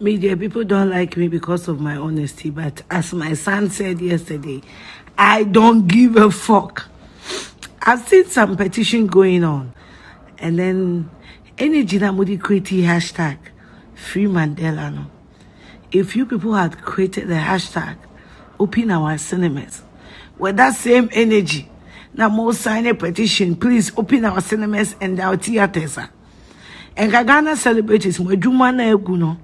media people don't like me because of my honesty but as my son said yesterday i don't give a fuck i've seen some petition going on and then energy jina moody created hashtag free mandela no if you people had created the hashtag open our cinemas with that same energy now more sign a petition please open our cinemas and our theaters and Ghana celebrates my Juma eguno.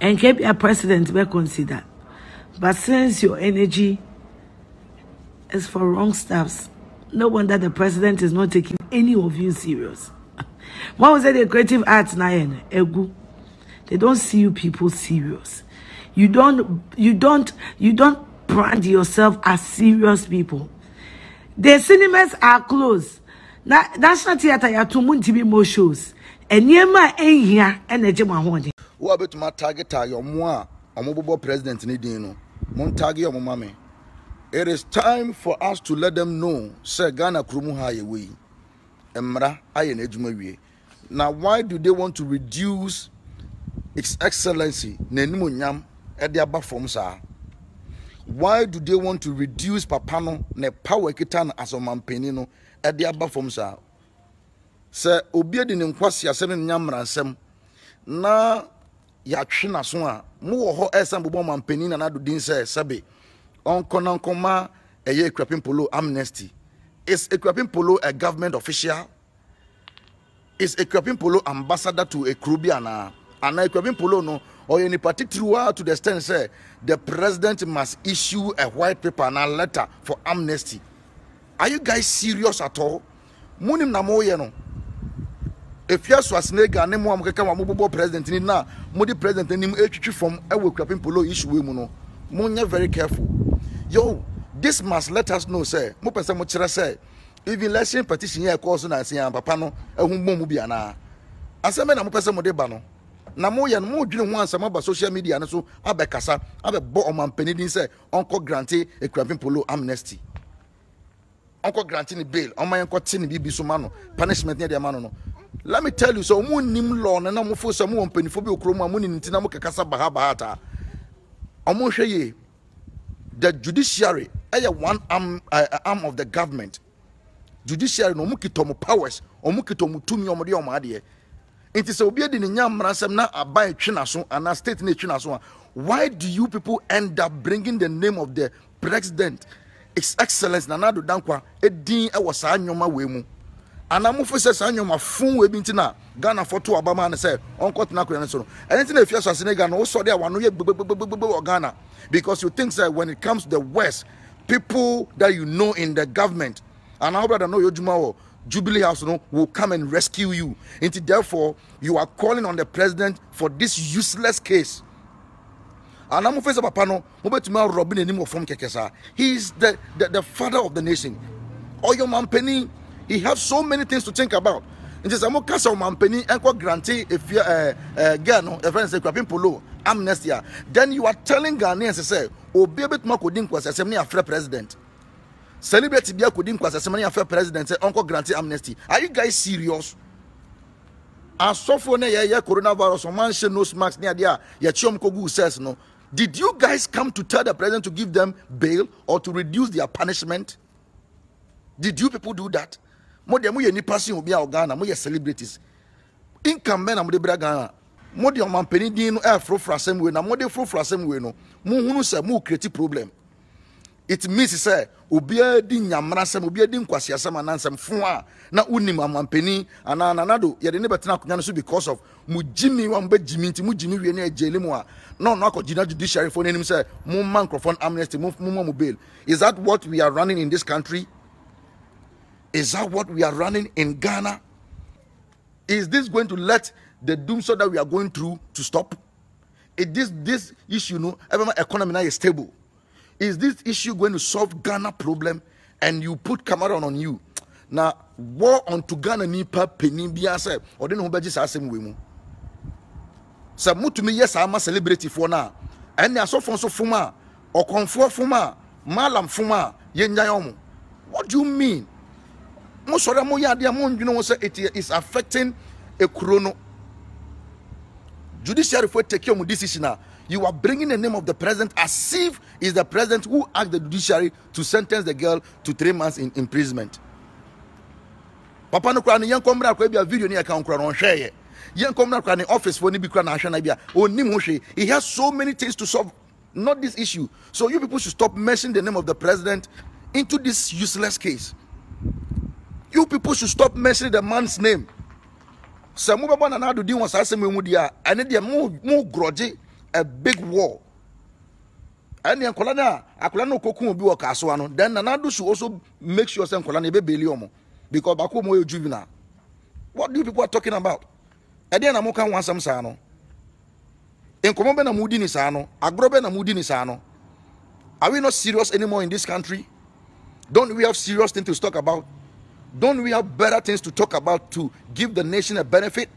and can be a president be considered. But since your energy is for wrong stuffs, no wonder the president is not taking any of you serious. What was it? The creative arts nine egu. They don't see you people serious. You don't. You don't. You don't brand yourself as serious people. The cinemas are closed. Na National Theatre, you have to more shows nneɛma a ɛnhia ɛna ɛgye mo ahoɔden. wo a bɛtuma target a yɔmo a ɔmo president ne din no mo ntaage ɔmo ma me it is time for us to let them know sɛ ghana kurom ha yɛ wei mmara ayɛ n'adwuma wie na why do they want to reduce its excellency n'anim onyam ɛde aba fam saa why do they want to reduce papa no ne power kita no asɔmampanin no ɛde aba fam saa sɛ obi adi ne nkwasi asɛm ne ne nyamra nsɛm na yɛatwe n'aso a mowɔ hɔ ɛsɛ mbobɔ ma mpanin nana do din sɛ sɛbe ɔnkɔ na nkɔma ɛyɛ ekuapin polo amnesty is ekuapin polo a government official is ekuapin polo ambassador to ekuro bi anaa anaa ekuapin polo no ɔyɛ nipa titiriwa to the extent sɛ the president must issue a white paper na letter for amnesty are you guys serious at all munim na mo yɛ no efia so asenega ne mu a mokeka ma mobobɔ president ni na mode president anim ɛtwitwi fam ɛwɔ kurapin polo issue wei mu no monyɛ very careful yo this must let us know sɛ mopɛ sɛ mokyerɛ sɛ even election petition yɛ ɛkɔɔ so na asia papa no ɛho bɔ mu bi anaa asɛm na mopɛ sɛ mode ba no na moyɛ no modwene ho ansɛm aba social media no so abɛkasa abɛbɔ ɔmampani din sɛ ɔnkɔ grante akurapin polo amnesty ɔnkɔ grante ne bail ɔma yɛnkɔte ne biribi so ma no punishment ne ɛde ama no no let me tell you sɛ ɔmo nim law na na mo fo sɛ mo wɔ mpanyinfo bi wɔ kurom a mo ne ne ti na mo kɛkasa bahabaha taa ɔmo hwɛ the judiciary ɛyɛ one arm uh, arm of the government judiciary na ɔmo kita ɔmo powers ɔmo kita ɔmo tumi ɔmo de ɔmo adeɛ nti sɛ obi adi ne nya mmara sɛm na aban etwi na so ana state na etwi na so why do you people end up bringing the name of the president his excellence nana ado dankwa edin ɛwɔ saa nneɛma we mu anaa mo fo sɛ saa nyɔma fun wo ebi nti na ghana fo to abama ne sɛ ɔnkɔ tena akonnwa ne so no ɛne ti na efi asase ne ghana wosɔ de a wano yɛ gbegbegbegbegbe wɔ ghana because you think say when it comes to the west people that you know in the government anaa wo brada na oyɛ adwuma wɔ jubilee house no will come and rescue you nti therefore you are calling on the president for this useless case anaa mo fo sɛ papa no mo bɛ tuma rɔbi n'anim wɔ fam kɛkɛ saa he is the the the father of the nation ɔyɔ mampanin he have so many things to think about nti sɛ mo kasa ɔmampanin ɛkɔ grante efia ɛɛ ɛɛ girl no ɛfɛn sɛ kurapin polo amnesty a then you are telling ghanaians sɛ obi ebetuma kodi nkwasasɛm ne afrɛ president celebrity bi akodi nkwasasɛm ne afrɛ president sɛ eh, ɔnkɔ grante amnesty are you guys serious asɔfoɔ ne yɛyɛ coronavirus ɔman hyɛ nose mask ne adeɛ a yɛkyɛm kɔ gu cells no did you guys come to tell the president to give them bail or to reduce their punishment did you people do that mo deɛ moyɛ nipa sen obi a mo moyɛ celebrities income bɛn na mode bra ghana mode ɔmampanin din no ɛforoforo eh, asɛm wei na de foroforo asɛm wei no mohunu sɛ create problem it means sɛ obiara di nyamara sɛm obiara di nkwasi asɛm anansɛm fun a na unim amampanin anaa nanado yɛde ne bɛtena akonnwa no so because of mo gyimi wa mo bɛ gyimi nti mo gyimi wie ne ɛgye ele mu a na ɔno akɔ gyina judiciary fo n'anim sɛ mo ma nkurɔfoɔ amnesty mo mo ma mo bail is that what we are running in this country. Is that what we are running in Ghana? Is this going to let the doom so that we are going through to stop? Is this this issue, No, know, economy now is stable. Is this issue going to solve Ghana problem and you put Cameroon on you? Now, war to Ghana nipa penny biasa or then who saa asem we mu. Sɛ me yes I'm a celebrity foɔ na ɛnna asɔfo nso fom a ɔkɔnfoɔ fom a malam fuma a yɛnya yɛn mo. What do you mean? mo sɔrɔ mo yɛ adeɛ mo ndwene ho sɛ it is affecting ekuro no judiciary for take your decision now you are bringing the name of the president as if is the president who asked the judiciary to sentence the girl to three months in imprisonment papa no kura ne yɛn kɔmmra akora bi video ne yɛ ka nkora no ɔhwɛ yɛ yɛn kɔmmra akora ne office for ne bi kura na ahwɛ na bi a ho hwee he has so many things to solve not this issue so you people should stop mentioning the name of the president into this useless case you people should stop mentioning the man's name sɛ mobɛbɔ nana adodi wɔ saa asɛm mu deɛ a ɛne deɛ mogorɔgye a big war ɛne the colonel. a colonel no kɔku be wɔ kaasoa no then nana do should also make sure sɛ colonel no yɛbɛbɛli ɔmo because baako mu juvenile what do you people are talking about ɛdeɛ na moka ho asɛm saa no nkɔmɔ bɛ na mudi ni saa no agorɔ na mudi ni saa are we not serious anymore in this country don't we have serious things to talk about Don't we have better things to talk about to give the nation a benefit?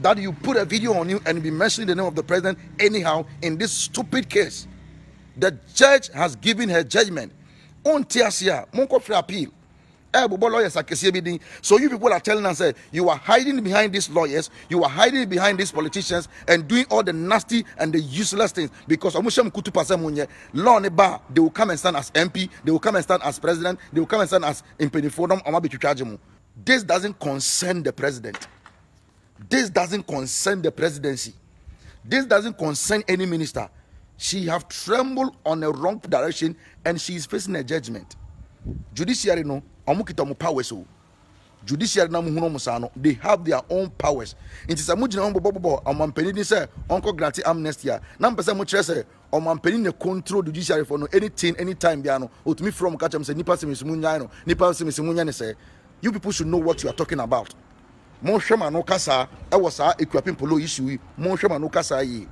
That you put a video on you and be mentioning the name of the president anyhow in this stupid case. The judge has given her judgment. On Tiasia, Monko Free Appeal ɛbobɔ eh, lawyers akɛseɛ bi din so you people are telling us say you are hiding behind these lawyers you are hiding behind these politicians and doing all the nasty and the useless things because ɔmo hyɛm kutu pasɛ mo nyɛ law ne ba they will come and stand as mp they will come and stand as president they will come and stand as mpanyinfoɔ dɔm ɔmo abɛtwitwa agye mu. this doesn't concern the president this doesn't concern the presidency this doesn't concern any minister she have trembled on a wrong direction and she is facing a judgment judiciary no ɔmo kita ɔmo powers o judiciary na mo hunu ɔmo saa no they have their own powers nti sɛ mo gyina ɔmo bɔbɔbɔ ɔmampanin ni sɛ ɔnkɔ grant amnesty a na mpɛ sɛ mo kyerɛ sɛ ɔmampanin na control judicial for no anything anytime bia no otumi fura ɔmo kakyɛ mo sɛ nipa sɛmɛsɛ mo nyaa no nipa sɛmɛsɛ mo nyaa ne sɛ you people should know what you are talking about mo nhwɛ ma no kasa ɛwɔ saa ekuapin polo issue yi mo nhwɛ ma no kasa yie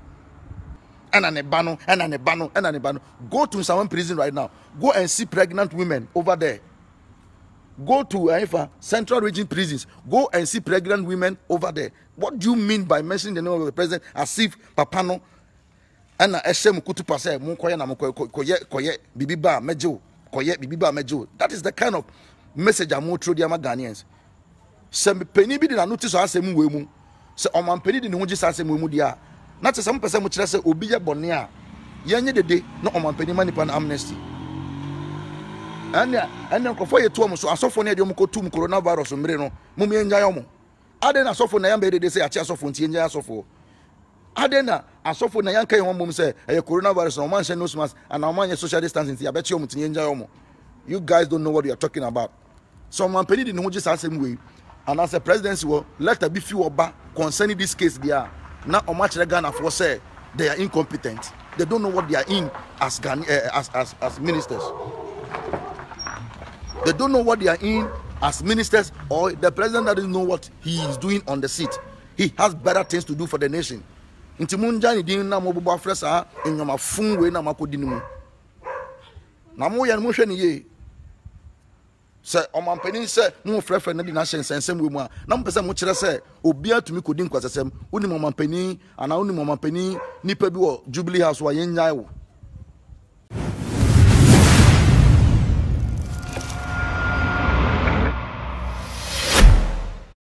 ɛna ne ba no ɛna ne ba no ɛna ne ba no go to nsawon prison right now go and see pregnant women over there go to Haifa, eh, uh, Central Region prisons, go and see pregnant women over there. What do you mean by mentioning the name of the president as if Papano and Eshem eh, Kutupa said, Munkoya Namokoye, Koye, Bibiba, Mejo, Koye, Bibiba, Mejo? That is the kind of message I'm through the Ghanaians. Some penny be the notice I say, Mumu, so on di penny, the Nujis I say, Mumudia. Not some person which I say, Obiya Bonia, Yanya the day, na on my penny money pan amnesty ɛnɛ ɛnɛ nkurɔfoɔ yɛ tuo mu so asɔfoɔ no yɛ deɛ ɔmo kɔ corona virus mmiri no mo mu yɛ ɔmo adeɛ na asɔfoɔ na yɛn bɛyɛ dede sɛ yɛakye asɔfoɔ nti yɛ nya asɔfoɔ na asɔfoɔ na yɛn ka wɔn mom sɛ ɛyɛ corona virus na ɔmo anhyɛ nose mask and ɔmo anyɛ social distancing ti abɛkye ɔmo ti yɛ ɔmo you guys don't know what you are talking about so ɔmo ampanin de ne ho gye saa asɛm wei anaasɛ presidency wɔ letter bi fi wɔ ba concerning this case deɛ na ɔmo akyerɛ ghanafoɔ sɛ they are incompetent they don't know what they are in as Ghana, uh, eh, as, as as ministers. They don't know what they are in as ministers or the president doesn't know what he is doing on the seat. He has better things to do for the nation. Nti mu ngya ne din na mo bobɔ afrɛ saa enyamafun wei na makɔdi ne mu. Na mo yɛ no mo hwɛ ne yie. Sɛ ɔmampanin sɛ mo frɛfrɛ ne de n'ahyɛ nsɛnsɛm wei mu a na mo pɛ sɛ mo kyerɛ sɛ obiara tumi kɔdi nkwasɛsɛm wonim ɔmampanin anaa wonim ɔmampanin nipa bi wɔ jubilee house wɔ a yɛn wo.